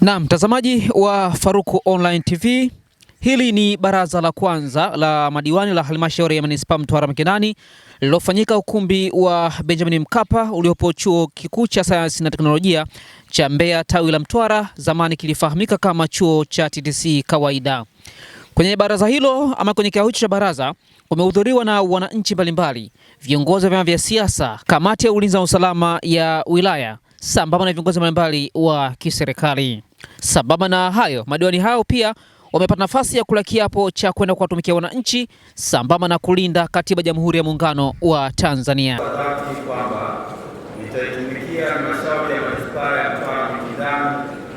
Na mtazamaji wa Faruku Online TV, hili ni baraza la kwanza la madiwani la halmashauri ya manispaa Mtwara Mkinani lililofanyika ukumbi wa Benjamin Mkapa uliopo chuo kikuu cha sayansi na teknolojia cha Mbeya tawi la Mtwara, zamani kilifahamika kama chuo cha TTC kawaida. Kwenye baraza hilo ama kwenye kikao hicho cha baraza kumehudhuriwa na wananchi mbalimbali, viongozi wa vyama vya siasa, kamati ya ulinzi na usalama ya wilaya, sambamba na viongozi mbalimbali wa kiserikali. Sambamba na hayo, madiwani hao pia wamepata nafasi ya kula kiapo cha kwenda kuwatumikia wananchi sambamba na kulinda katiba ya Jamhuri ya Muungano wa Tanzania.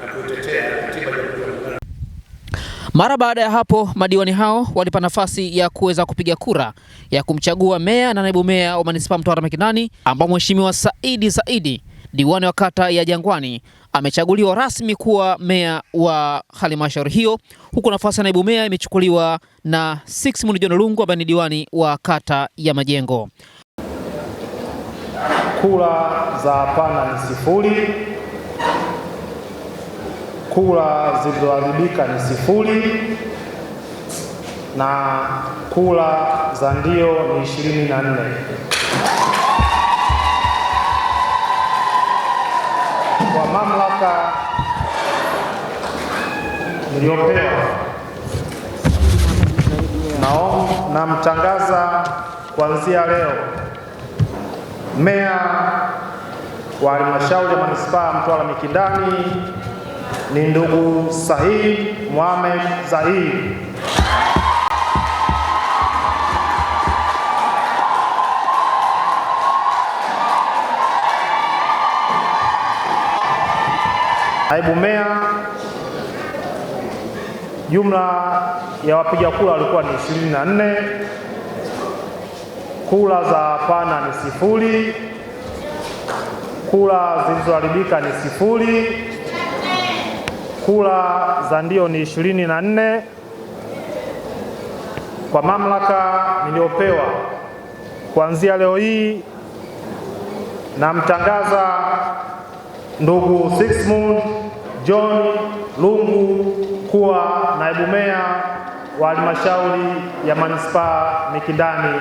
na kuitetea katiba ya Mara baada ya hapo, madiwani hao walipa nafasi ya kuweza kupiga kura ya kumchagua meya na naibu meya wa manispaa Mtwara Mikindani, ambao Mheshimiwa Saidi Saidi, diwani wa kata ya Jangwani, amechaguliwa rasmi kuwa meya wa halmashauri hiyo, huku nafasi ya naibu meya imechukuliwa na Sixmund John Lungu ambaye ni diwani wa kata ya Majengo. Kura za hapana ni sifuri kula zilizoharibika ni sifuri na kula za ndio ni ishirini na nne. Kwa mamlaka niliyopewa, namtangaza kuanzia leo meya wa halmashauri ya manispaa Mtwara Mikindani ni ndugu Said Mohamed Zahir. Naibu meya, jumla ya wapiga kura walikuwa ni 24. Kura za hapana ni sifuri. Kura zilizoharibika ni sifuri. Kura za ndio ni ishirini na nne. Kwa mamlaka niliyopewa kuanzia leo hii, namtangaza ndugu Sixmund John Lungu kuwa naibu meya wa halmashauri ya manispaa Mikindani.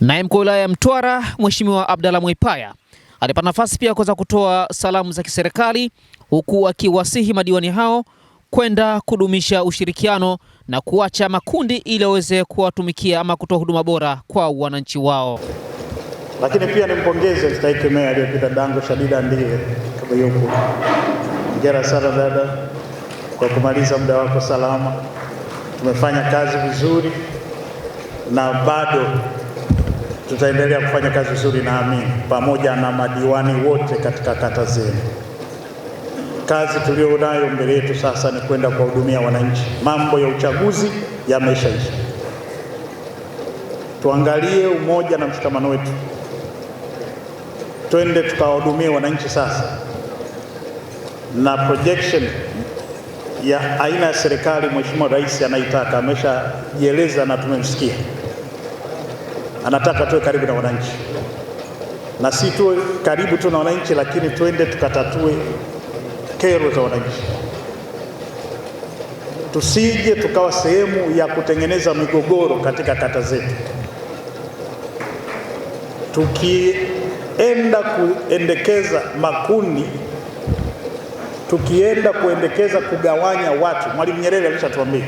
Naye mkuu wa wilaya ya Mtwara Mheshimiwa Abdalla Mwaipaya alipata nafasi pia kuweza kutoa salamu za kiserikali huku akiwasihi madiwani hao kwenda kudumisha ushirikiano na kuacha makundi ili waweze kuwatumikia ama kutoa huduma bora kwa wananchi wao. Lakini pia nimpongeze mstahiki meya aliyepita Dango Shadida ndiye kama yuko. Hongera sana dada kwa kumaliza muda wako salama. Tumefanya kazi vizuri na bado Tutaendelea kufanya kazi nzuri, naamini pamoja na madiwani wote katika kata zenu. Kazi tuliyonayo mbele yetu sasa ni kwenda kuwahudumia wananchi. Mambo ya uchaguzi yameshaisha, tuangalie umoja na mshikamano wetu, twende tukawahudumie wananchi sasa, na projection ya aina ya serikali Mheshimiwa Rais anaitaka ameshajieleza na tumemsikia anataka tuwe karibu na wananchi, na si tuwe karibu tu na wananchi, lakini tuende tukatatue kero za wananchi, tusije tukawa sehemu ya kutengeneza migogoro katika kata zetu. Tukienda kuendekeza makundi, tukienda kuendekeza kugawanya watu, Mwalimu Nyerere alishatuambia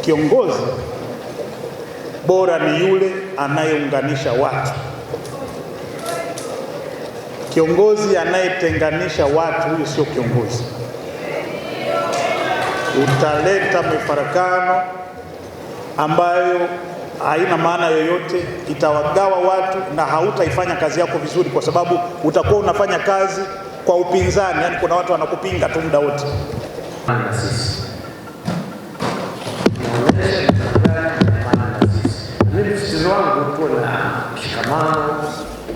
kiongozi bora ni yule anayeunganisha watu. Kiongozi anayetenganisha watu, huyu sio kiongozi. Utaleta mifarakano ambayo haina maana yoyote, itawagawa watu na hautaifanya kazi yako vizuri, kwa sababu utakuwa unafanya kazi kwa upinzani. Yani kuna watu wanakupinga tu muda wote. kuwa na mshikamano,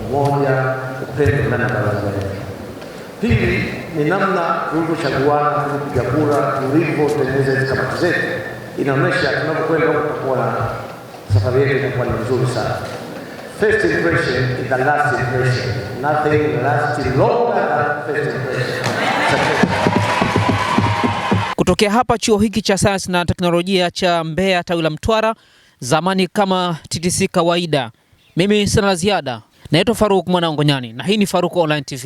umoja, upendo ndani ya baraza letu. Pili ni namna tulivyochaguana, tulivyopiga kura, tulivyotengeneza hizi kamati zetu, inaonyesha tunapokwenda huko tutakuwa na safari yetu itakuwa ni nzuri sana. First impression is the last impression. Nothing lasts longer than first impression. Kutokea hapa chuo hiki cha sayansi na teknolojia cha Mbeya tawi la Mtwara zamani kama TTC kawaida. Mimi sina la ziada, naitwa Faruk mwanangonyani na hii ni Faruk Online TV.